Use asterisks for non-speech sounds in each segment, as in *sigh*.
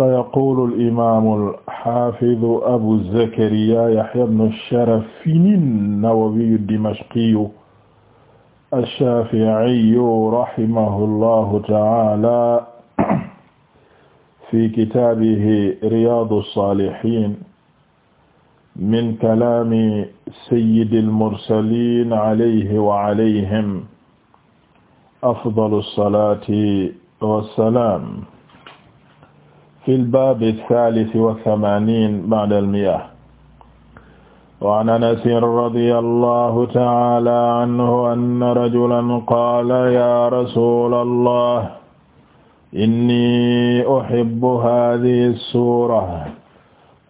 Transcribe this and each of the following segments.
فيقول الإمام الحافظ أبو زكريا يحيى بن الشرفين النووي الدمشقي الشافعي رحمه الله تعالى في كتابه رياض الصالحين من كلام سيد المرسلين عليه وعليهم أفضل الصلاة والسلام fi lbab alhalisi walthamanin ba'da almi'a wa an anasin radiya allahu taala anhu anna rajulan qaala ya rasula allah inni uhibbu hadhihi as-sura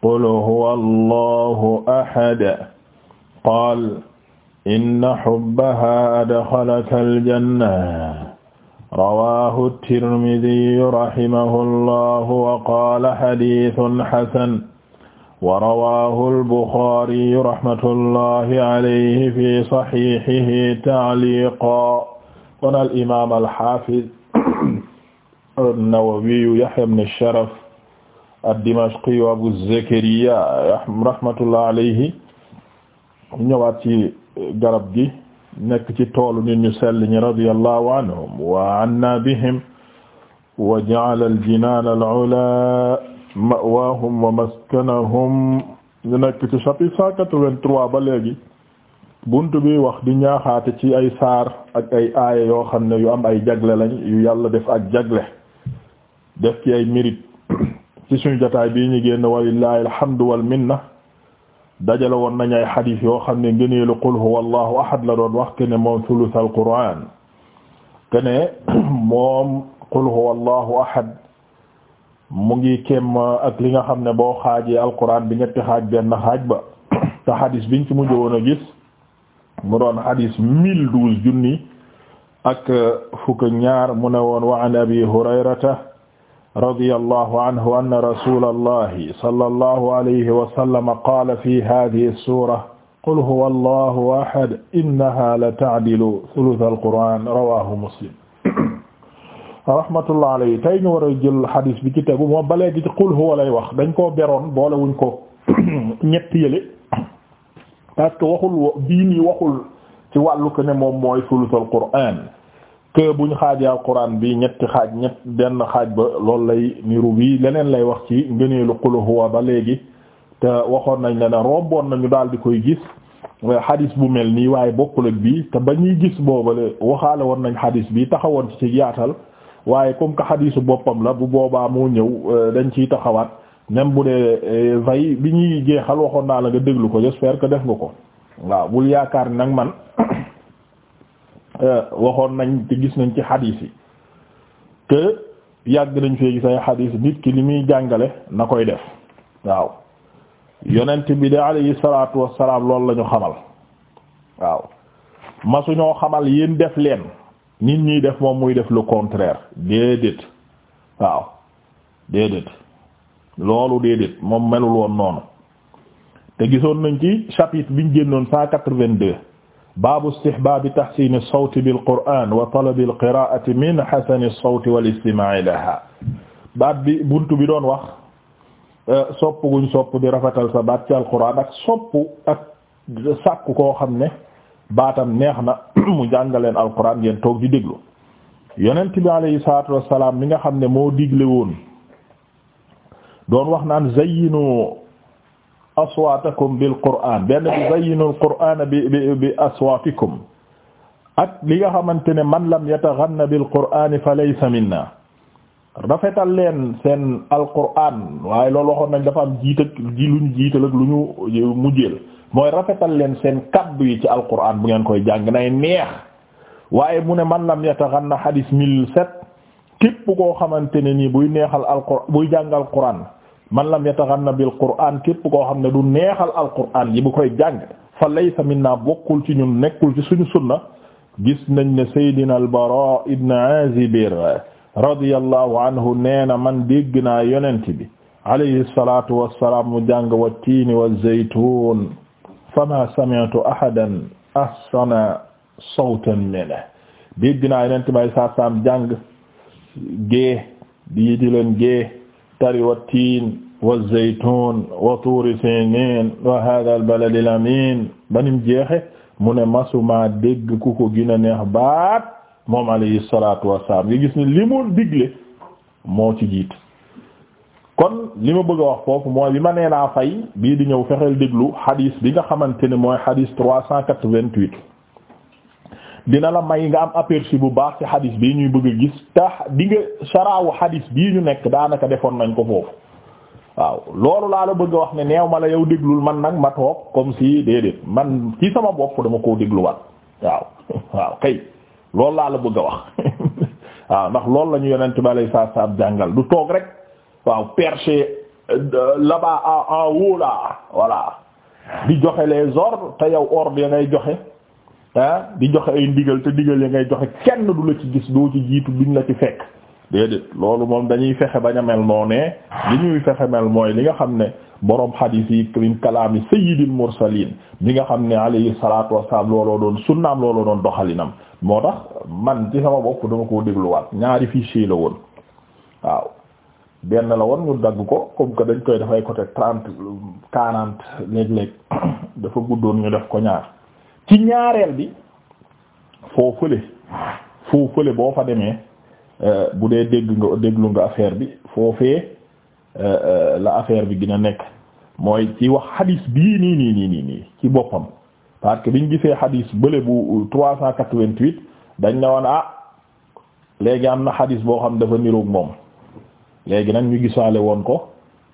qul huwa allahu ahad qaala inna hubbaha adxalaka aljanna rawaahu tirmidiyu rahimahullahu wa qaala xadiisun xasan wa rawaahu albuxaariyu rahmatullahi alayhi fi saxiixihi ta'liiqan kon al imaam al xaafiz an-nawawiyu yaxya ibn sharaf ad-dimashqiyu abu zakariya rahmatullahi alayhi ñëwaat ci garab gi. nekk ci toolu nit ñu sell ñi radiyallahu anhum wa anna bihim wa ja'ala al-jinaan al-'ulaa ma'waahum wa maskanahum ñu ci chapitre cent quatre-vingt-trois ba léegi bunt bi wax di ñaaxaate ci ay saar ak ay aaya yoo xam ne yu am ay jagle lañ yu yàlla def ak jagle def ci ay mérite *coughs* ci suñu jotaay bii ñu génn walillahi alhamdu wal minna dajale woon nañ ay xadis yoo xam ne ngëneelu qul huwa allahu ahad la doon wax ke ne moom thuluth al quran ke *clears throat* moom qul huwa allahu ahad mu ngi kem ak li nga xam ne boo xaajee alquran bi ñetti xaaj benn xaaj ba *clears throat* te xadis biñ ci mujj woon a gis mu doon xadis mille douze junni ak fukk ñaar mu ne woon wa an abi hurayrata radiyallahu anhu anna rasulallahi sallallahu alayhi wa sallam qaala fi haadihi suura qul huwa allahu ahad innaha la ta'dilu thuluthal qur'aan rawaahu muslim rahmatullah alayhi tey ñu war a jël xadis bi ci tegu moom ba léegi ci qul huwa lay wax dañ koo beroon boole wuñ ko *coughs* ñett yële parce que waxul bii nii waxul ci wàllu ko ne moom mooy thuluthal qur'aan que buñ xaajee alquran bi ñetti xaaj ñett benn xaaj ba loolu lay niru bii leneen lay wax ci ngëneelu qul huwa ba léegi te waxoon nañ la ne romboon nañu daal di koy gis xadis bu mel nii waaye bokkul ak bii te ba ñuy gis boobale waxaale woon nañ xadis bi taxawoon ci ci yaatal waaye comme que xadisu boppam la bu boobaa moo ñëw euh, dañ ciy taxawaat même bu dee euh, vay bi ñuy jeexal waxoon naa la nga déglu ko j'espère que def nga ko waaw bul yaakaar nag man Euh, waxoon nañ te gis nañ ci xadiis yi que yàgg nañ fee gis ay xadiis nit ki li muy jàngale na koy def waaw yonent bi de alayhi salaatu wassalaam loolu lañu ñu xamal waaw ma su ñoo xamal yéen def leen nit ñiy def moom muy def lu contraire déedéet waaw déedéet loolu déedéet moom melul woon noonu te gisoon nañ ci chapitre biñ génnoon cent quatre-vingt-deux baabu istihbaabi tahsiini sawti bil qur'aan wa talabi al qiraa'ati min hasani sawti wal istimaa'i lahaa baat bi buntu bi doon wax euh, sopp guñ sopp bi rafetal sa baat ci alquraan ak sopp ak sàkk koo xam ne baatam neex na *clears throat* mu jàngaleen alquraan ngeen toog di déglu yonent bi alayhi salaatu wassalaam mi nga xam ne moo digle woon doon wax naan zayyinu aswaatakum bil qur'aan benn bi zayyinul qur'aan bi bi bi aswaatikum ak li nga xamante ne man lam yataghanna bil qur'aan fa laysa minna rafetal leen seen alqur'aan waaye loolu waxoon nañ dafa am jiit ak lu ñu jiital ak lu ñu mujjeel mooy rafetal leen seen kaddu yi ci alqur'aan bu ngeen koy jàng nay neex waaye mu ne man la lam yataghanna hadis mille sept képp koo xamante ne nii buy neexal alqur'aan buy jàng alqur'aan man lam yataghanna bil qur'an képp koo xam ne du neexal al qur'an yi bu koy jàng fa laysa minna bokkul ci ñun nekkul ci suñu sunna gis nañ ne saydina al bara ibn azib radiyallahu anhu nee na man dégg naa yonent bi alayhi salatu wassalam mu jàng wa tiini wa zaytun fama sami'tu ahadan ahsana sawtan minhu dégg naa yonent bi ay sa sam jàng gée di di leen gée wattari wattiin wazaytuun wa tuuri siniin wa haaza albaladi alamiin banim jeexe mu ne masuma dégg ku ko gën a neex baat moom alayhi salaatu wassalaam nga gis ne li mu digle moo ci jiit kon li ma bëgg a wax foofu mooy bi ma nee fay bii di ñëw fexeel déglu xadis bi nga xamante ne mooy xadis trois cent dina la may nga am aperçu bu baax ci xadis bi ñuy bëgg a gis tax di nga saraawu xadis bii ñu nekk daanaka defoon nañ ko foofu waaw loolu laa la bëgg a wax ne neew ma la yow déglul man nag ma toog comme si déedéet man ci sama bopp dama koo dégluwaat waaw *laughs* waaw kay loolu laa la bëgg a wax *laughs* waaw ndax loolu la ñu yonent ba lay saa saab jàngal du toog rek waaw perché euh, là-bas en haut là di joxe les ordres te yow ordres ya ngay joxe di joxe ay ndigal te ndigal ya ngay joxe kenn du la ci gis doo ci jiitu duñ la ci fekk déedéet loolu moom dañuy fexe bañ a mel noonee li ñuy fexe mel mooy li nga xam ne boroom xadiis yi min kalaami sayyidil mursaliin bi nga xam ne alayhi salaatu wassalaam looloo doon sunnaam looloo doon doxalinam moo tax man ci sama bopp dama ko dégluwaat ñaari fichier la woon waaw benn la woon ñu dagg ko comme que dañ koy dafay côté trente quarante léeg-léeg *coughs* dafa guddoon ñu def ko ñaar ci ñaareel bi foo fële foo fële boo fa demee euh, bu dee dégg nga déglu nga affaire bi foofee euh, euh, la affaire bi gën a nekk mooy ci wax hadis bii nii nii nii ci boppam parce que bi biñ gisee hadis bële bu trois cent quatre-vingt-huit dañ ne woon ah léegi am na hadis boo xam dafa niroog moom léegi nag ñu gisaale woon ko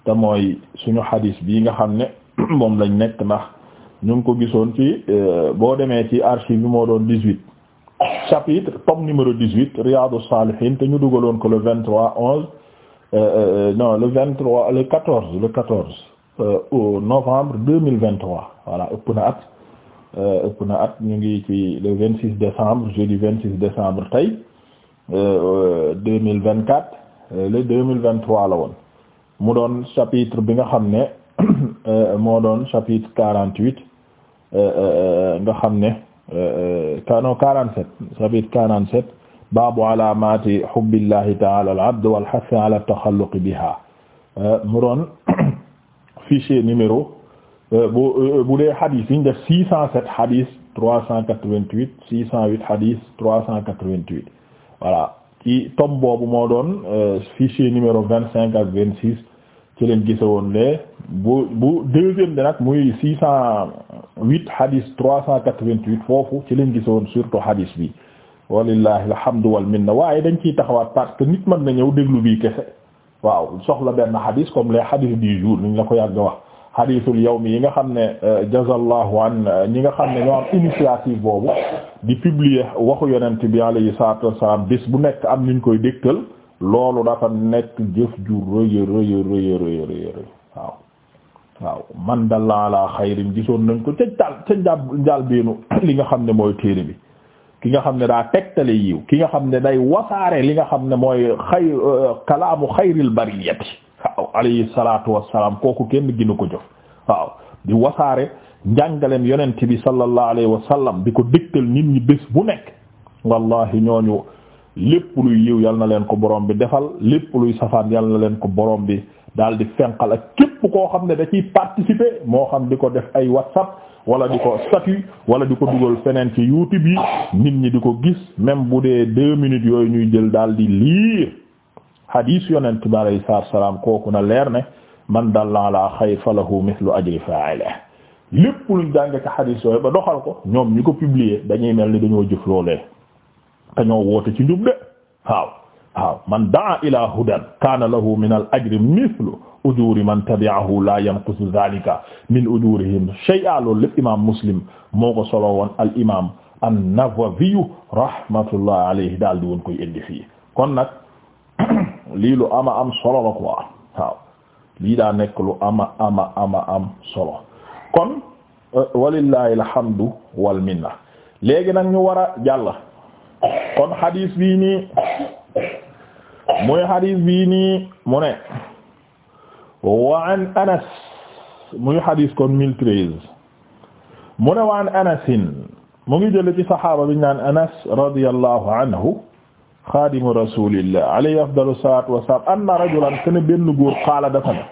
te mooy suñu hadis bii nga xam ne *clears throat* moom lañ nekk ndax ñu ngi ko gisoon ci euh, boo demee ci archive bi moo doon dix-huit chapitre tome numéro dix-huit Riyâdous-Sâlihîne te ñu dugaloon ko le vingt-trois onze euh, euh, non le vingt-trois le quatorze le quatorze au novembre deux mille vingt-trois voilà ëpp na at ëpp na at ñu ngi ci le vingt-six décembre jeudi vingt-six décembre tey deux mille vingt-quatre le deux mille vingt-trois la woon mu doon chapitre bi nga xam ne Euh, moo doon chapitre quarante huit euh, euh, nga xam ne non quarante sept chapitre quarante sept baabu alaamati hubbillahi taala al abd wal hath ala taxalluq biha mu doon *coughs* fichier numéro bu bu dee hadith yi ñu def six cent sept hadith trois cent quatre-vingt-huit six cent huit hadith trois cent quatre-vingt-huit voilà ci tome boobu moo doon fichier numéro vingt-cinq ak vingt-six ci leen woon ne bu bu deuxième bi nag muy six cent huit hadis trois cent quatre-vingt-huit foofu ci leen woon surtout hadis bi walillahi alhamdu wal minna waaye dañ ciy taxawaat parce que nit mën na ñëw déglu bii kese waaw soxla benn hadis comme les hadis di jour ñu la ko yàgg wax hadisul yawmi yi nga xam ne euh, jazallahu an euh, ñi nga xam ne ñoo am initiative boobu di publier waxu yonent bi alayhi salatu wassalam bis bu nekk am ñu koy dégtal loolu dafa nekk jëf ju rëya rëya rëya rëya rëya waaw waaw man dalla ala gisoon nañ ko ca jal ca njal njal beenu *coughs* li nga xam ne mooy téere bi ki nga xam ne daa tegtale yiw ki nga xam ne day wasaare li nga xam ne mooy xay euh, kalaamu xayril bariyati waaw alayhi salaatu wassalaam kooku kenn ginu ko jof waaw di wasaare njàngalem yonent bi sallallahu alayhi wa sallam di ko dégtal nit ñi bés bu nekk wallahi ñooñu lépp luy yiw yal na leen ko boroom bi defal lépp luy safaan yal na leen ko boroom bi daal di fenqal ak képp koo xam ne da ciy participer moo xam di ko def ay whatsapp wala di ko statut wala di ko dugal feneen ci youtube yi nit ñi di ko gis même bu dee deux minutes yooyu ñuy jël daal di liir hadis yonent bi alayhi salaam kooku na leer ne man dalla la xayr falahu mithlu ajri fa'ilihi lépp luñ jànge ci hadis yooyu ba doxal ko ñoom ñi ko publier dañuy mel ni dañoo jëf loolee te ñoo woote ci njub de waaw waaw man daa ila hudan kaana lahu min al ajri mithlu ujuri man tabi'ahu la yanqusu dhalika min ujurihim shay'a loolu lépp imam muslim moo ko solo woon al imam an-Nawawi rahmatullah alayhi daal di woon koy indi fii kon nag *clears throat* lii lu ama am solo la quoi waaw lii daa nekk lu ama ama ama am solo kon walillahi alhamdu wal minna léegi nag ñu war a jàll kon xadis bii nii muy xadis bii nii mu ne wa an anas muy xadis kon mille treize mu ne wa an anasin mu ngi jële ci saxaaba bi naan anas radiyallahu anhu xadimu rasulillah alayhi afdalu salatu wassalam anna rajulan kana benn góor qaala dafa ne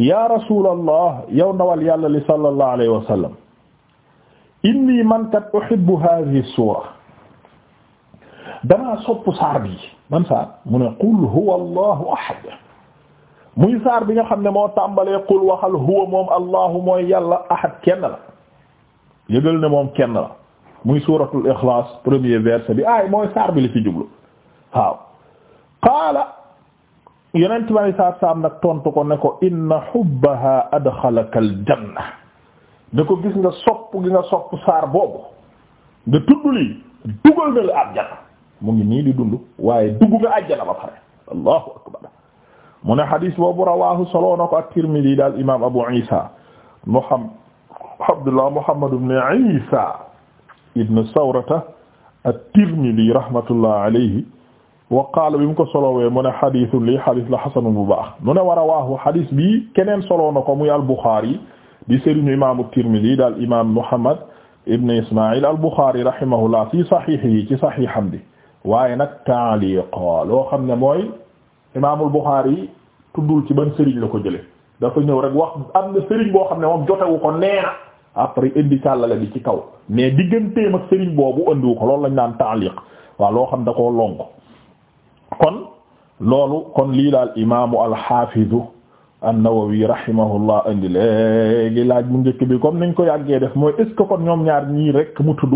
ya rasulallah yow ndawal yàlla li sallallahu alayhi wa sallam inni man kat uhibbu hadhihi sura damaa sopp saar bi man saar mu ne qul huwa allahu ahad muy saar bi nga xam ne moo tàmbalee qul waxal huwa moom allahu mooy yàlla ahad kenn la yëgal ne moom kenn la muy suratul ixlaas premier verset bi aay mooy saar bi li ci jublu waaw qaala yonent bi saa saam nag tontu ko ne ko inna hubbaha adxalaka ko gis nga sopp gi nga sopp saar boobu nga tudd lii dugal na la aljanna mu ngi nii di dund waaye dugg nga àjjana ba pare allahu akbar mu ne xadis boobu rawahu soloo na ko at-Tirmidhi daal imam Abu Isa Muhammad Abdullah Muhammad ibn Isa ibn Sawrata at-Tirmidhi rahmatullah alayhi wa qaala bi mu ko solowee mu ne xadisu lii xadis la xasanun bu baax mu ne wa rawahu xadis bi keneen soloo na ko muy al-Bukhari di sëriñu imam at-Tirmidhi daal imam Muhammad ibn Isma'il al-Bukhari rahimahullah fi sahihihi ci sahiham bi waaye nag taaliqa loo xam ne mooy imaamul Buxaari yi tuddul ci ban sëriñ la ko jële dafa ñëw rek wax am na sëriñ boo xam ne moom jotewu ko neena après indi càllale bi ci kaw mais digganteem ak sëriñ boobu andiwu ko loolu lañ naan taaliq waaw loo xam da koo lonk kon loolu kon lii daal imaamu alxaafizu an-Nawawi rahimahullah indi léegi laaj bu njëkk bi comme niñ ko yàggee def mooy est kon ñoom ñaar ñii rek mu tudd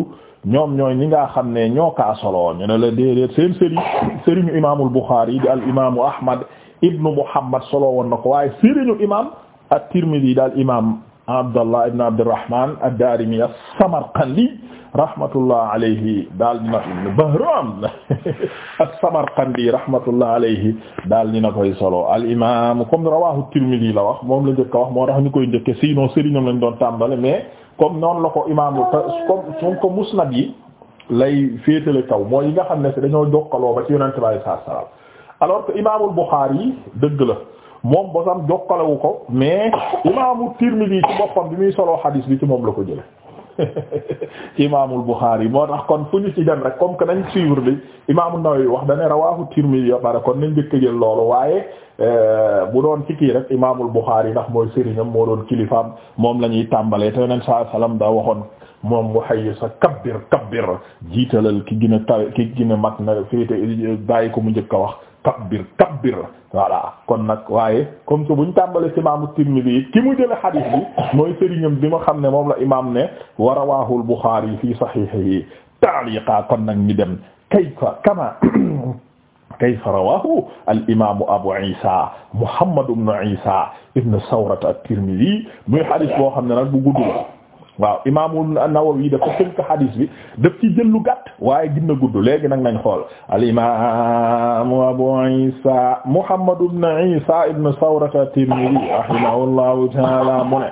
ñoom ñooy ñi nga xam ne ñoo kaa solo ñu ne la déedéet seen sëriñ sëriñu imaamul Bukhari di al imaamu Ahmad ibnu Muhammad solo woon na ko waaye sëriñu imaam at-Tirmidhi daal imaam. Abdallah ibn Abdurrahman ad-Darimi as-Samarqandi rahmatullah alayhi daal di na Bahram as-Samarqandi rahmatullah alayhi daal di na koy solo al imaam comme rawahu Tirmidhi la wax moom la njëkk moo ñu koy njëkk sinon sëriñam lañ doon tàmbale mais comme la ko imaam yi lay féetale kaw mooy yi nga xam ne si dañoo jokkaloo ba ci Yonent bi sallallahu alayhi wasallam alors que imaamul Bukhari dëgg la. moom bosam jokkalewu ko mais imaamu Tirmidhi ci boppam bi muy solo xadiis bi ci moom la ko jël jële *laughs* imaamul Bukhari moo tax kon fu ñu ci dem rek comme que nañ suivre bi imaamu Nawawi wax dane rawahu Tirmidhi yo pare kon nañ njëkk jël loolu waaye euh, bu doon ci kii rek imaamul Bukhari ndax mooy sëriñam moo doon kilifaam moom lañuy ñuy tàmbalee te Yonent saa salaam daa waxoon moom mu waxayi sa kabbir kabbir jiitalal ki gën a taw ki gën a mag na féete bàyyi ko mu njëkk a wax kabbir kabbir voilà kon nag waaye comme que buñ tàmbale ci imaamu Tirmidhi ki mu jële xadiis bi mooy sëriñam bi ma xam ne moom la imaam ne wa rawaahul Buxaari fii saxiixihi ta'liqa kon nag ñu dem kayfa kama *clears throat* kayfa rawaahu al imaamu Abu Isa Muhammad ibn Isa ibn Sawrat at-Tirmidhi muy xadiis boo xam ne nag bu gudd waaw imaamu Nawawi dafa tënk hadis bi daf ci jël lu gàtt waaye gën a gudd léegi nag nañ xool al imaamu Abu Isa Muhammad ibn Isa ibn Sawrata at-Tirmidhi rahimahullahu ta'ala mu ne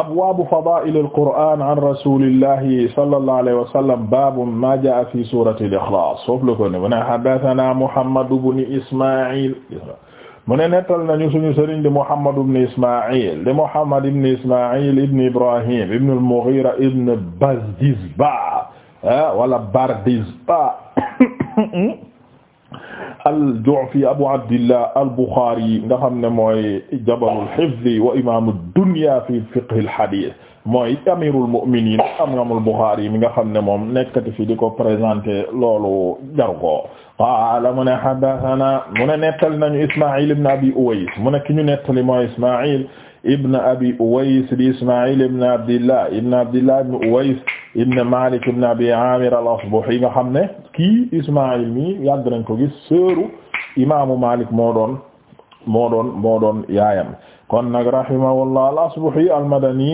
abwaabu fadaa'il al-Qur'aan an rasuulillahi sallallahu alayhi wa sallam baabu maa jaa'a fi suurati al-Ikhlaas foofu la ko ne mu ne haddathanaa Muhammad ibn Isma'il mu ne nettal nañu suñu sëriñ di Muhammad ibn Ismaïl di Muhammad ibn Ismaïl ibn Ibrahim ibn al-Mughira ibn Bazdisba ah, wala Bardisba *coughs* al-Ju'fi Abu Abdillah al-Bukhari nga xam ne mooy jabarul hifzi wa imaamu dunya fi fiqhi al-hadith mooy amirul mu'minin am nga Bukhari mi nga xam ne moom nekkati fi di ko présenté loolu jaru qaala mu ne haddathana mu ne nettali nañu Isma'il ibn Abi Uways mu ne ki ñu nettali mooy Isma'il ibn Abi Uways di Isma'il ibn Abdillah ibn Abdillah ibn Uways ibn Malik ibn Abi Amir al-Asbahi nga xam ne kii Isma'il mi yàgg nañ ko gis seeru imaamu Malik moo doon moo doon moo doon yaayam kon nag rahimahullah al-Asbahi al-Madani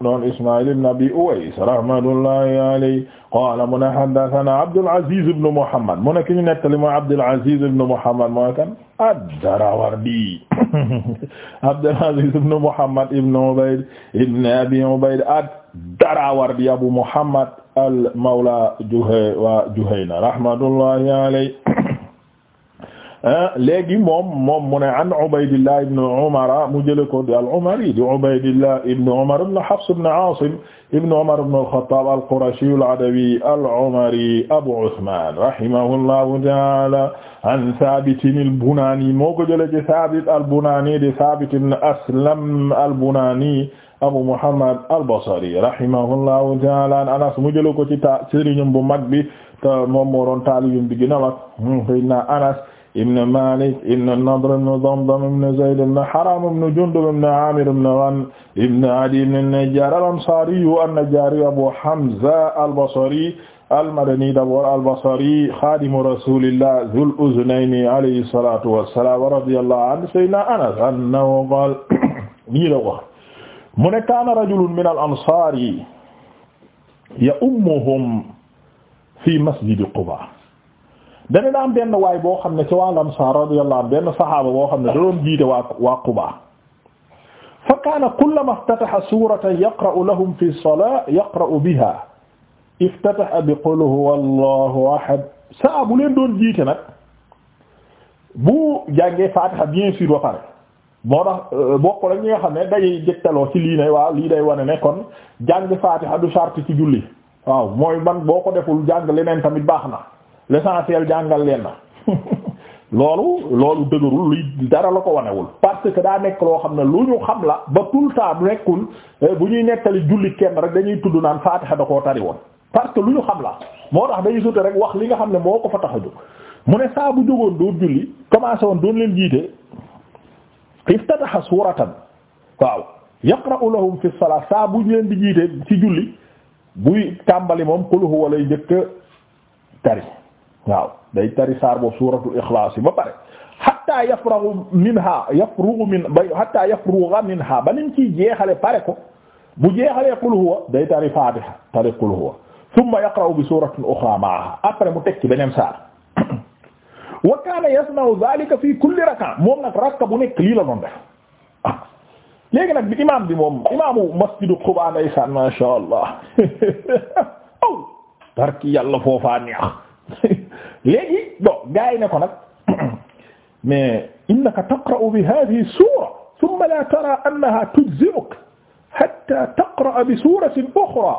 noon Ismaïl ibn Abi Uways rahmatullahi alayhi qaala mu ne haddathana Abdul Aziz ibn Muhammad mu ne ki ñu nettali mooy Abdul Aziz ibn Muhammad mooy kan ad-Darawardi *laughs* Abdul Aziz ibn Muhammad ibn Ubayd ibn Abi Ubayd ad-Darawardi Abu Muhammad al-mawla Juhayna rahmatullahi alayhi Ah, léegi moom moom mu ne an Ubaydillah ibn Umar mu jëlee ko di al-Umari di Ubaydillah ibn Umar ibn Hafs ibn Asim ibn Umar ibn al-Khattab al-Qurashi al-Adawi al-Umari Abu Uthman rahimahullahu ta'ala an Thabit al-Bunani moo ko jëlee ci Thabit al-Bunani di Thabit ibn Aslam al-Bunani Abu Muhammad al-Basri rahimahullahu ta'ala an Anas mu jëlee ko ci sëriñam bu mag bi moom moo doon taalibeem bi gën a mag Anas ibn Malik ibn Nadr ibn Damdam ibn Zayd ibn Haram ibn Jundub ibn Amir ibn Ghanm ibn Adi ibn an-Najjar al-Ansari an-Najjari Abu Hamza al-Basri al-Madani d'abord al-Basri khadimu rasulillah dhul uznayni alayhi salatu wassalam wa radiyallahu anhu sayyidina Anas annahu qala *coughs* nii la wax mu ne kaana rajulun min al-ansari ya'ummuhum fi masjidi Quba dana daa benn waay boo xam ne ci waa Ansaar radiyallahu benn saxaaba boo xam ne da doon jiite waa waa Quba fa kaana kullama iftataha suuratan yaqra'u lahum fi salaati yaqra'u biha iftataha bi qul huwa allahu ahad leen doon jiite nag bu jàngee Faatiha bien sûr ba pare moo tax euh, ñi nga xam ne day jëkkaloo ci lii ne waaw lii day wane ne kon jàng Faatiha du sart ci julli waaw mooy man boo ko deful jàng leneen tamit baax na l'essentiel jàngal leen na *laughs* loolu loolu dëgërul luy dara la ko wanewul parce que daa nekk loo xam ne lu ñu xam la ba tout le temps nekkul eh, bu ñuy nettali julli kenn rek dañuy tudd naan faatiha da koo tari woon parce que lu ñu xam la moo tax dañuy sute rek wax li nga xam ne moo ko tax a jóg mu ne saa bu jógoon doon julli woon doon leen jiite iftataha suratan ñu leen di jiite ci julli buy tàmbali moom qul huwa lay tari waaw day tari saar boobu suuratul ixlaas yi ba pare hatta yafrughu minha yafrughu min ba hatta yafrugha minha ba niñ ciy jeexale pare ko bu jeexalee qul huwa day tari faatiha tari qul huwa thumma yaqra'u bi suuratin uxraa ma'ahaa après mu teg ci beneen saar *coughs* wa kaana yasna'u dhaalika fi kulli rak'a moom nag rakka bu nekk lii la doon def ah. léegi nag bi imaam bi moom imaamu masjidu Quba ndeysaan ma sha Allah *laughs* aw barki yàlla foofaa neex *laughs* léegi bon gars yi ne ko nag *coughs* mais innaka taqra'u bi hadhihi sura thumma la tara annaha tujzi'uk hatta taqra'a bi suratin ukhra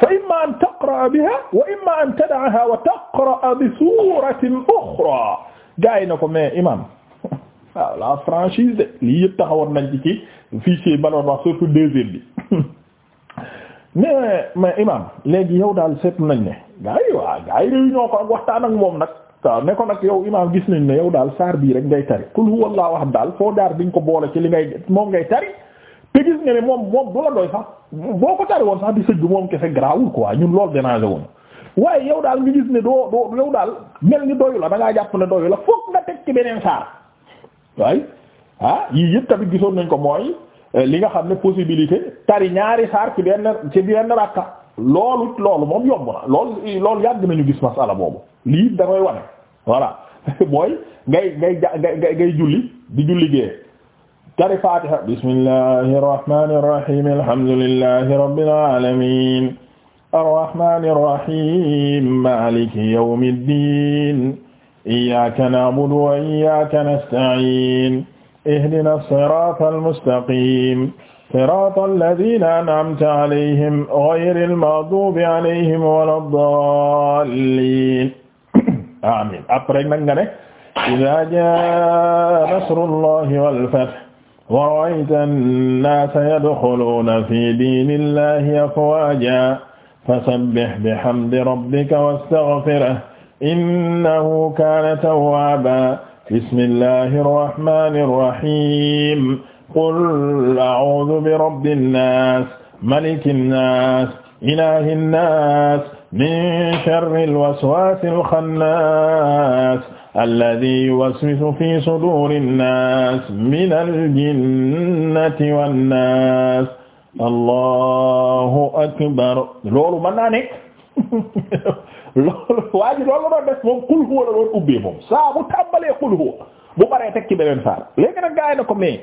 fa imma an taqra'a biha wa imma an tad'aha wa taqra'a bi suratin ukhra gars yi ne ko mais imam *laughs* waaw la franchise de lii yëpp taxawoon nañ ci ci fichier baloon wax surtout deuxième bi *laughs* mais mais imam léegi yow daal seet nañ ne gars yi waaw gars ko ak waxtaan ak moom nag waaw ne ko nag yow imam gis nañ ne yow daal saar bii rek ngay tari kul huwallahu ahad daal foo jaar diñ ko boole ci li ngay moom ngay tari te gis nga ne moom moom du la doy sax boo ko tari woon sax di sëgg moom kese grawul quoi ñun loolu déranger woon waaye yow daal nga gis ne doo doo yow daal mel ni doyu la da ngaa jàpp ne doyu la fokk nga teg ci beneen saar ah, yii yëpp tamit gisoon nañ ko mooy Euh, li nga xam ne possibilité tari ñaari saar ci benn ci benn rakka loolu loolu moom yomb na loolu loolu yàgg gis masala boobu lii da koy wane voilà *laughs* mooy ngay ngay ja ngay ngay julli di julli gee tari fatiha bismillahir rahmanir rahim alhamdulillahi rabbil alamin arrahmanir rahim maliki yawmiddin iyyaka na'budu wa iyyaka nasta'in ihdina siraatal mustaqiim siraatal laziina an'amta alayhim gayril magduubi alayhim walad daalliin amiin après nag nga ne izaa jaa nasrullahi wal fath wa ra'ayta an-naasa yadxuluuna fii diinillaahi afwaajaa fasabbih bihamdi rabbika wastaghfirhu innahu kaana tawwaabaa bismillahi irrahmani irrahim qul a'udhu bi rabbi nnas maliki nnas ilahi nnas min sharri alwaswasi alxannas alladi yuwaswisu fi suduri nnas min aljinnati wannas allahu akbar loolu mën naa nekk *laughs* loolu *laughs* waa ji loolu la doon moom xul la doon ubbee moom saa bu tàmbalee xul huwa bu baree teg ci beneen saar léegi nag gaa na ko mais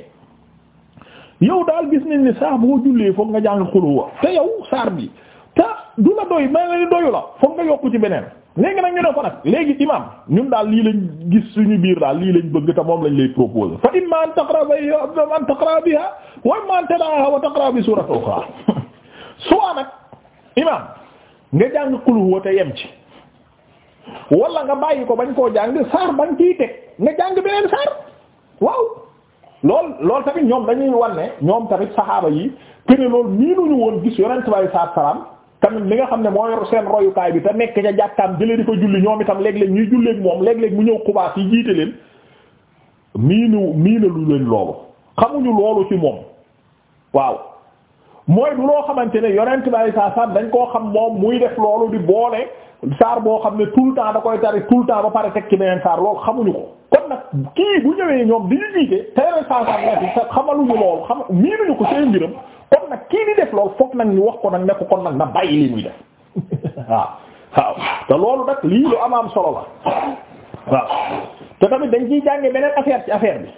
yow daal gis nañ ni saa boo jullee foog nga jàng xul huwa te yow saar bi te du la doy may la doyu la nga yokku ci beneen léegi nag ñu ne ko nag léegi imam ñun daal lii lañ gis suñu biir daal lii lañ bëgg te moom lañ lay proposer fa imma an taqra biha an taqra biha wa imma an tadaaha wa taqra bi *laughs* te yem ci wala nga bàyyi ko bañ koo jàng saar bañ ciy teg nga jàng beneen saar waaw lool lool tamit ñoom dañuy wan ñoom tamit saxaaba yi këne lool ñu woon gis yonent bay saar salaam tamit li nga xam ne mooy seen royukaay bi te nekk ca jàkkaam jëlee di ko julli ñoom itam léeg-léeg ñuy julleek moom léeg-léeg mu ñëw xubaas yi jiite leen miinu miinalu leen loolu xamuñu loolu ci moom waaw mooy du loo xamante ne yonent bi saa saam dañ koo xam moom muy def loolu di boole saar boo xam ne tout le temps da koy tari tout le temps ba pare teg ci beneen saar loolu xamuñu ko. kon nag kii bu ñëwee ñoom di ñu jiite te yore saa saam la fi xamaluñu loolu xam miinuñu ko seen mbiram kon nag kii di def loolu foog nag ñu wax ko nag ne ko kon nag na bàyyi li muy def *laughs* waaw waaw te loolu nag lii lu am am solo la waaw te tamit dañ ciy jàngee beneen affaire ci affaire bi.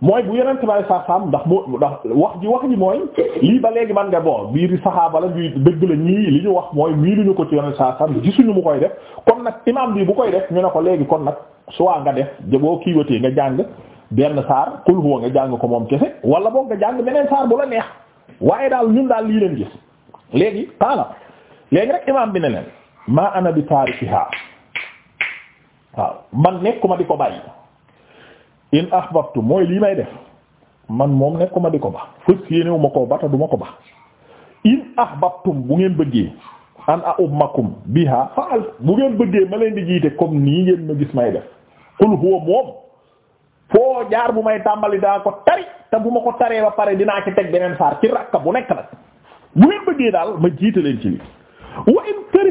mooy bu yeneen tubaab yi sax saam ndax moo ndax wax ji wax ji mooy lii ba léegi man nga bon biir saxaaba la ñuy dëgg la ñii li ñu wax mooy ñu ko ci yeneen saa saam gisuñu mu koy def kon nag imaam bi bu koy def ñu ne ko léegi kon nag soit nga def boo kiiwatee nga jàng benn saar kul huwa nga jàng ko moom kese wala boog nga jàng beneen saar bu la neex waaye daal ñun daal lii leen gis léegi xaaral léegi rek imaam bi ne leen maa ana bi taarikiha man nekkuma di ko in ahbabtu mooy lii may def man moom nekkuma di ko ba fës yéenewu ma bata duma ko ba in ahbabtum bu ngeen bëggee an a bii biha faal bu ngeen bëggee ma leen di jiite comme nii ngeen ma gis may def qul huwa moom foo jaar bu may tàmbali daa ko tari te bu ma ko taree ba pare dinaa ci teg beneen saar ci rakka bu nekk nag bu ngeen bëggee daal ma jiite leen ci lii wa in bu dee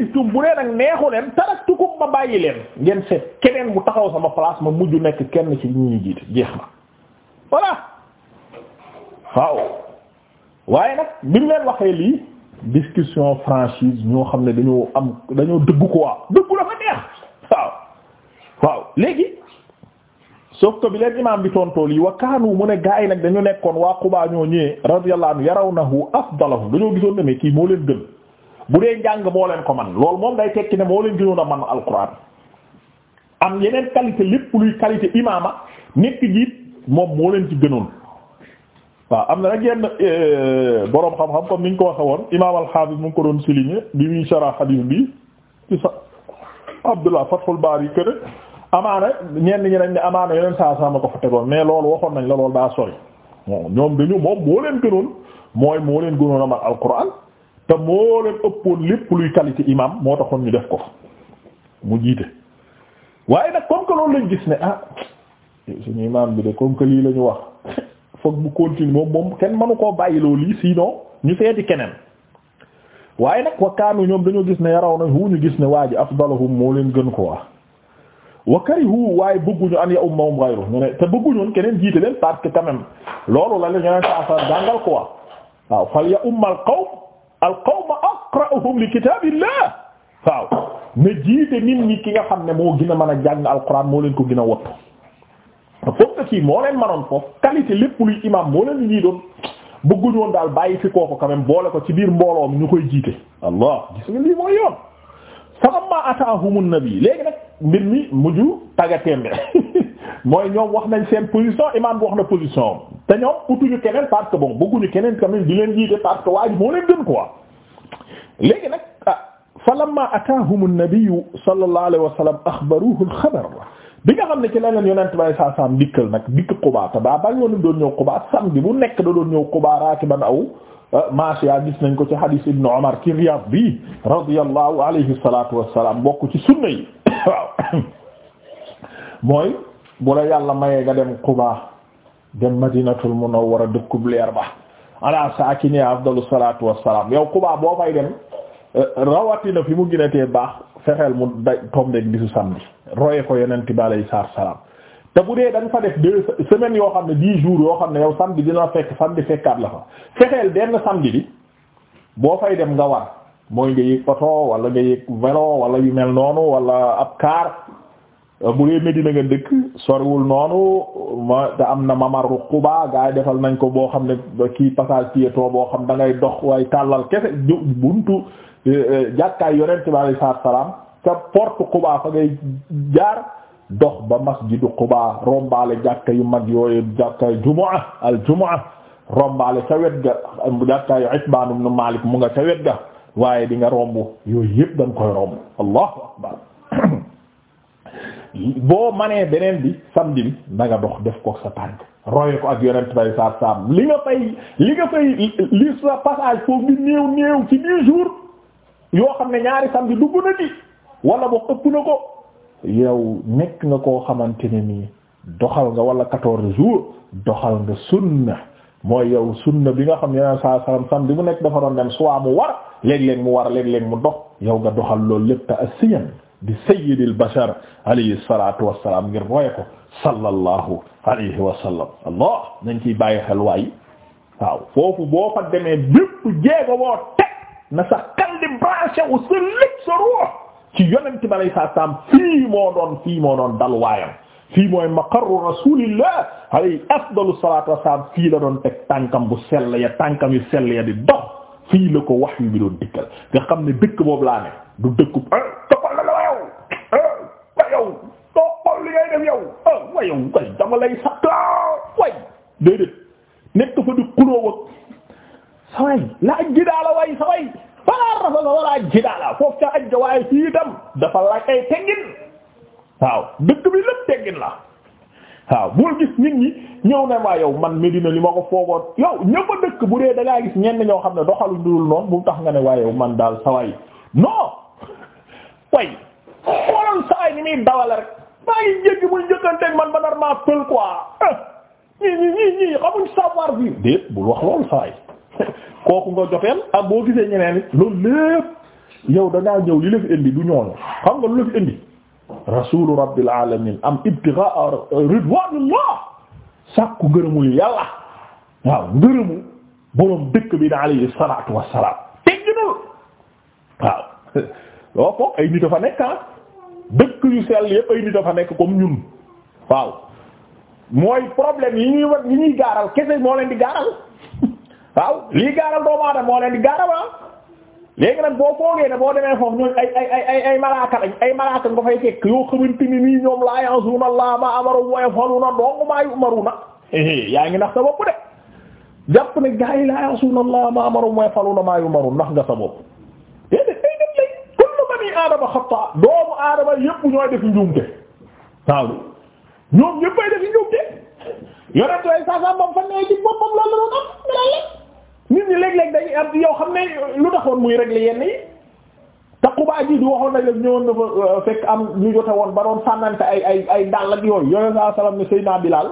nag neexu leen taraktukum ma bàyyi leen ngeen seet keneen bu taxaw sama place ma mujj nekk kenn ci ñi ñuy jiite jeex na voilà waaw waaye nag bi ñu leen waxee lii discussion franchise ñoo xam ne dañoo am dañoo dëgg quoi dëggu dafa neex waaw waaw léegi sauf que bi leen imaam bi tontool yi wa kaanu mu ne gaa yi nag dañu nekkoon waa Quba ñoo ñëwee radiyallahu anhu yarawnahu afdalahu dañoo gisoon ne mais kii moo leen gën bu dee njàng moo leen ko man loolu moom day tekki ne moo leen gënoon a man alquran am yeneen qualité lépp luy qualité imaama nekk jiit moom moo leen ci gënoon waaw am na nag yenn euh, boroom xam-xam comme niñ ko waxe woon imaam al-Hafiz mu ngi ko doon souligner bi muy sharah hadith bi ci sa Abdullah Fathul yi kër amaana ñenn ñi dañ ne amaana yeneen saa saa ma ko fa tegoon mais loolu waxoon nañ la loolu daa sori bon ñoom dañu moom moo leen gënoon mooy moo leen gënoon a te moo leen ëppoon lépp luy qualité imam moo taxoon ñu def ko mu jiite waaye nag comme que loolu lañ gis ne ah suñu imam bi de comme que lii la ñu wax foog bu continue moom moom kenn mënu koo bàyyi loolu lii sinon ñu seeti waaye nag wa kaanu ñoom dañoo gis ne yaraw na hu ñu gis ne waa ji afdaluhum moo leen gën ko wax wa karihu waaye bëgguñu an ya ummahum ghayru ñu ne te bëgguñoon keneen jiite leen parce que quand même loolu la la ñu neen saasar jàngal ko wax waaw fal ya ummal qawm al qawma aqra'uhum li kitaabillah waaw na jiite nit ñi ki nga xam ne moo gën a mën a jàng alquran moo leen ko gën a wattu foofu kii moo leen manoon foofu qualité lépp luy imam moo leen ñii doon bëgguñu woon daal bàyyi fi kooku quand boole ko ci biir mbooloo mi ñu koy jiite allah gis nga lii mooy yoon fa amma ataahumu nabi léegi nag mbir mi mujj tagga téembe *laughs* mooy ñoom wax nañ seen position imam bi wax na position te ñoom utuñu keneen parce que bon bëgguñu keneen tamit di leen jiite parce que waa ji moo leen gën quoi léegi nag ah falamma ataahum an-nabiyyu sallallahu alayhi wa sallam akhbaruhu al-khabar bi nga xam ne ci la leen yonent bay saa saam dikkal nag dikk Quba te ba bal yoonu doon ñëw Quba samedi bu nekk da doon ñëw Quba raakiban aw ah, maashiya gis nañ ko ci hadith Ibn Umar ci Riyad bi radiyallahu alayhi salatu wassalam bokk ci sunna yi *coughs* waaw *coughs* mooy bu la yàlla mayee nga dem Quba dem madinatul munawwara dëkkub leer ba ala saakini afdalu salatu wassalam yow Kuba boo fay dem eh, rawatina fi mu ginatee baax fexeel mu day tombeeg bisu samedi roye ko yonent bi alayhi salaam te bu dee da nga fa def deux semaines yoo xam ne dix jours yoo xam ne yow samedi dina fekk samedi fekkaat la fa fexeel benn samedi bi boo fay dem nga war mooy nga yëg oto wala nga yëg vélo wala yu mel noonu wala ab kaar Euh, bu dee Medina nga dëkk soriwul noonu ma te am na mamaru Quba gaa yi defal nañ ko boo xam ne kii passage piéton boo xam da ngay dox waaye tàllal kese buntu euh, euh, jàkkaay yonent bi alayhi salaam ca porte Quba fa ngay jaar dox ba masjidu Quba rombaale jàkka yu mag yooyu jàkkaay jumaa al jumaa rombaale ca wet ga jàkkaayu Itbaan ibn Maalik mu nga ca wet ga waaye di nga romb yooyu yëpp dañ koy romb allahu akbar *coughs* boo manee beneen bi samedi bi na dox def ko sa tànk roye ko ak yonent bay sa saam li nga fay li nga fay li sa passage foofu bi néew néew ci dix jours yoo xam ne ñaari samedi dugg na ci wala boo ëpp na ko yow nekk nga koo xamante ne nii doxal nga wala quatorze jours doxal nga sunna mooy yow sunna bi nga xam ne yeneen saa salaam samedi bu nekk dafa doon dem soit mu war léeg-léeg mu war léeg-léeg mu dox yow nga doxal loolu lépp te asiyan di sayyidil bashar alayhi salatu ngir roye ko sallallahu alayhi wa sallam allah nañ ciy bàyyi xel waay waaw foofu boo fa demee bépp jéego boo teg na sa xel wu sa lépp sa ci yonent bi salaam fii moo doon fii moo dal waayam fii mooy maqarru rasulillah alayhi afdalu salatu wassalam fii la doon teg bu sell ya tànkam yu sell ya di dox fii la ko wax yu bi doon dikkal nga xam ne dëkk boobu laa ne du dëkku ah, ngay def yow ah waaye yow kay lay sakkaa waaw dëkk bi lépp teggin la waaw bul gis nit ñi ñëw ne waa yow man Medina li ma ko foogoon yow ñëpp a dëkk bu dee da gis ñenn ñoo xam ne doxalu dul noonu bu tax nga ne waa yow man daal saway non *laughs* way xoolal saway ni muy dawale rek maa ngi jéggi muy njëkkanteeg man ba nar maa pël quoi eh, ñii ñii ñii ñii xamuñ savoir vivre déet bul wax loolu saay *laughs* kooku nga joxeel ak boo gisee ñeneen it loolu lépp yow dangaa ñëw li la fi indi du ñooñu xam nga lu la fi indi rasulu rabbil alamin am ibtigha ridwanillah sàkku ngërëmul yàlla waaw ngërëmu boroom dëkk bi na alayhi salatu wassalam tegginul waaw *laughs* loo ko ay nit a fa nekk ah. dëkk yu sell yépp ay nit dafa nekk comme ñun waaw mooy problème yi ñuy wax yi ñuy gaaral kese moo leen di gaaral *laughs* waaw lii gaaral doomu aadama moo leen di gaaral ah léegi nag boo foogee ne boo demee foofu ñooñ ay ay ay ay ay malaaka nga fay fekk yoo xamante ni nii ñoom laa ya'suuna Allaha maa amarahum wa yaf'aluuna dong maa yu'maruuna yaa ngi nax sa bopp de jàpp ne gaa yi laa ya'suuna Allaha maa amarahum wa yaf'aluuna maa yu'maruuna nax nga sa bopp. aadama xataa doomu aadama yépp ñooy def njuumte waaw ñoom ñépp def njuumte yore tooy saa saa moom fan ne ci nit ñi léeg-léeg dañuy yow xam ne lu taxoon muy régler yenn yi taquba ji di waxoon na leen ñëwoon dafa euh, fekk am ñu jote woon ba doon sànnante ay ay ay dàll ak yooyu yore saa salaam ne Seydina Bilal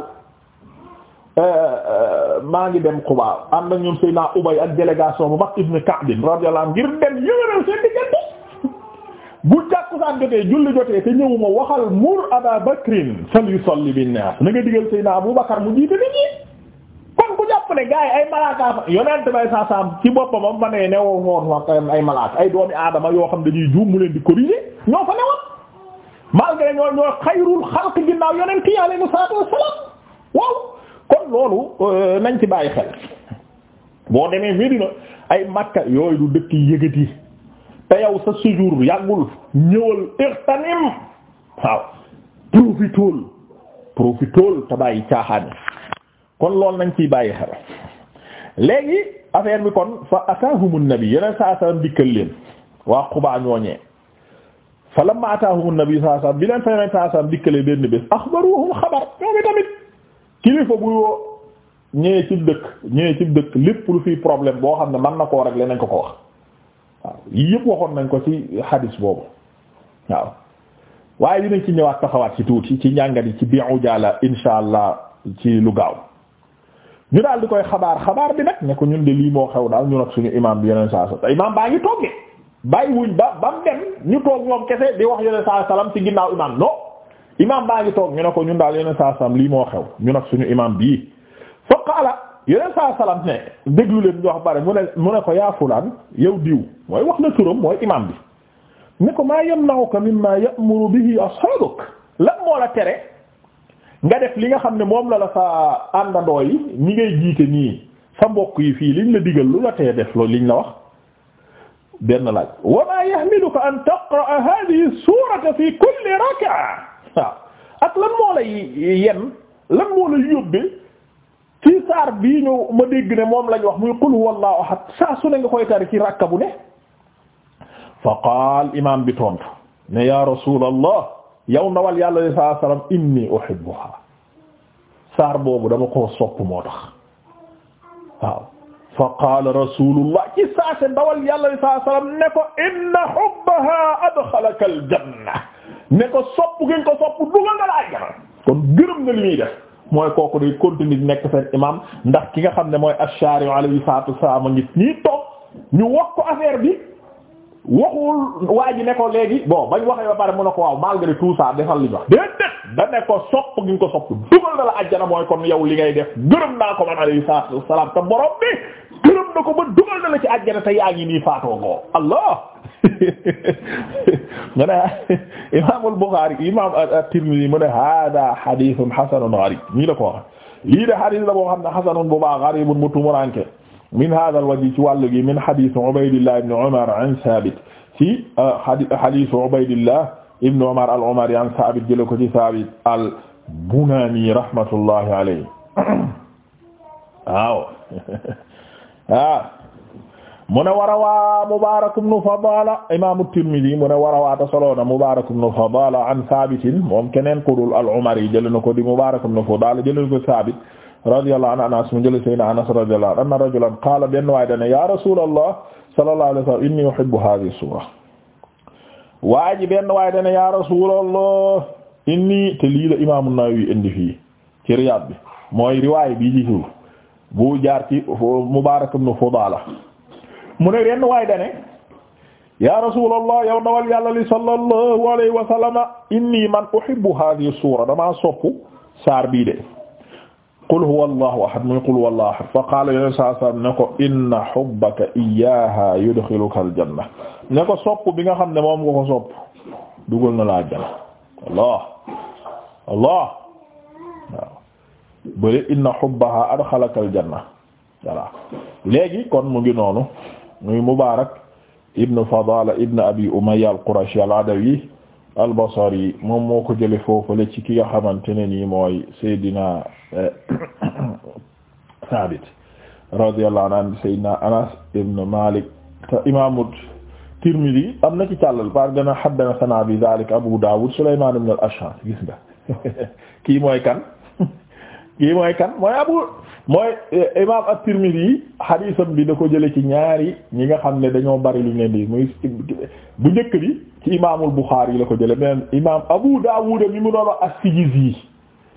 euh, euh, maa ngi dem Quba ànd ak ñoom Seydina Ubay ak délégation bu mag ibn Ka'b radiyallahu anhu ngir dem yëngal seen diggante bu tàkkusaan jotee julli jotee te ñëwuma waxal mur Aba Bakrin fal yusalli bin nas na nga digal Seydina Abu Bakar mu jiite nit ñi kon ku jàpp ne gars ay malaaka yonent bay saa saam ci boppam ne ne woon woon ay malaaka ay doomi aadama yoo xam dañuy juum mu leen di corriger ñoo fa newoon malgré ñoo ñoo xayrul xalq ginnaaw yonent yi alayhi salaatu wassalaam waaw kon loolu euh, nañ ci bàyyi xel boo demee Medina ay Makka yooyu du dëkk yëgati te yow sa séjour bi yàggul ñëwal ixtanim waaw profitool profitool te bàyyi caaxaani kon loolu nañ ci bàyyi xel léegi affaire bi kon fa ataahumu nabi yeneen saa sallam dikkal leen waa Qubaa ñooñee fa lamma ataahumu nabi saa sallam bi leen fa yeneen saa sallam dikkalee benn bés axbaruhum xabar ñoomi tamit kilifa bu ñëwee ci dëkk ñëwee ci dëkk lépp lu fiy problème boo xam ne mën na koo régler nañ ko ko wax waaw yii yëpp waxoon nañ ko ci hadis boobu waaw waaye dinañ ci ñëwaat taxawaat ci tuuti ci njàngat yi ci bi'u jala insha allah ci lu gaaw ñu daal di koy xabaar xabaar bi nag ne ko ñun de lii moo xew daal ñun ak suñu imam bi yeneen saa sa imam baa ngi toggee bàyyi wuñ ba ba mu dem ñu toog moom kese di wax yeneen saa salaam ci ginnaaw imam non imam baa ngi toog ñu ne ko ñun daal yeneen saa salaam lii moo xew ñun ak suñu imam bii fa qaala yeneen saa salaam ne déglu leen ñu wax bare mu ne mu ne ko yaa fulaan yow diw mooy wax na turam mooy imam bi ne ko maa yamna'uka mimma ya'muru bihi ashaabuk lan moo la tere nga def li nga xam ne moom la la sa àndandoo yi ñi ngay jiite nii sa mbokk yi fii liñ la digal lu la tee def loolu liñ la wax benn laaj wa maa yahmiluka an taqra'a hadhihi surata fi kulli rak'a ak lan moo lay yem lan moo lay yóbbee saar bii ñu ma dégg ne moom lañ wax muy qul huwallahu ahad saa su koy tari ci bu ne fa imam bi tontu ne ya rasulallah yow ndawal yàlla alai saai sallam inni uhibbuha saar boobu dama koo sopp moo tax waaw fa qaala rasulullah ci saase ndawal yàlla alai saai sallam ne ko inna hubbaha ne ko sopp gi nga ko dugal nga la kon gërëm nga li muy mooy kooku day continuer nekk seen imam ndax ki nga xam ne mooy ash-Shari alayhi salaatu wassalaam a ngi nii toog ñu wax ko affaire bi waxul waa ji ne léegi bon bañ waxee ba pare mun na ko waaw malgré tout ça defal li ñu wax déedéet da ne ko sopp gi nga ko sopp dugal na la ajjana mooy kon yow li ngay def gërëm naa ko man alayhi salaatu wassalaam te borom bi gërëm na ko ba dugal na la ci ajjana te yaa ngi nii faatoo ko Allah *laughs* mu ne imaamul Buxaari imaam at-Tirmidhi mu ne hada hadithun hasanun gharib nii la ko wax lii de hadith la boo xam ne hasanun bu baax gharibun mu tumuranke min hada al-wajh ci wàllu gi min hadith Ubaydillah ibn Umar an Thabit ci uh, hadith Ubaydillah ibn Umar al-Umari an Thabit jële ko ci Thabit al-Bunani rahmatullahi alayhi *coughs* waaw *laughs* ah. mu ne warawaa Mubaarak ibn Fadala imaamu Tirmidi mu ne warawaa ta solo na Mubaarak ibn Fadala an Saabitin moom keneen ku dul al-Umari jëlee na ko di Mubaarak ibn Fadala jëlee na ko Saabit radiyallahu anhu Anas mu jëlee Seydina Anas radiyallahu anhu anna rajulan qaala benn waay dana ya Rasuulallah sallallahu alayhi wa sallam inni uhibbu haadhihi suura waa ji benn waay dana ya Rasuulallah inni te lii la imaamu Nawawi indi fii ci Riyaad bi mooy riwaay bii ji bu jaar ci Mubaarak ibn Fadala mu ne ren waaye dane ya rasulallah yow dawal yàlla li sallallahu alayhi wa sallama inni man uhibbu hadhihi suura damaa sopp saar bii de qul huwa allahu ahad muy qul wallahu ahad fa qaala yone saa sallam ne ko inna hubbaka iyyaha yudxiluka aljanna ne ko sopp bi nga xam ne moom nga ko sopp dugal na la aljanna allah allah waaw bëri inna hubbaha adxalaka aljanna voilà léegi kon mu ngi noonu muy Mubaarak ibn Fadala ibn Abi Umayya al-Qurashi al-Adawi al-Basri moom moo ko jëlee foofule ci ki nga xamante ne nii mooy Seydina eh, *coughs* Saabit radiyallahu anhu Seydina Anas ibn Malik te imaamu Tirmidhi am na ci càllal par gana bi dhalik Abu Dawud Sulayman ibn al-Ash'ath gis nga *laughs* kii kan *laughs* kii mooy kan mooy Abu mooy eh, imaam at yi xadiisam bi da ko jële ci ñaari ñi nga xam ne dañoo bari lu leen di muy bu njëkk bi ci imaamul yi la ko jële beneen imaam Abu Daawud mi mu doon wax as yi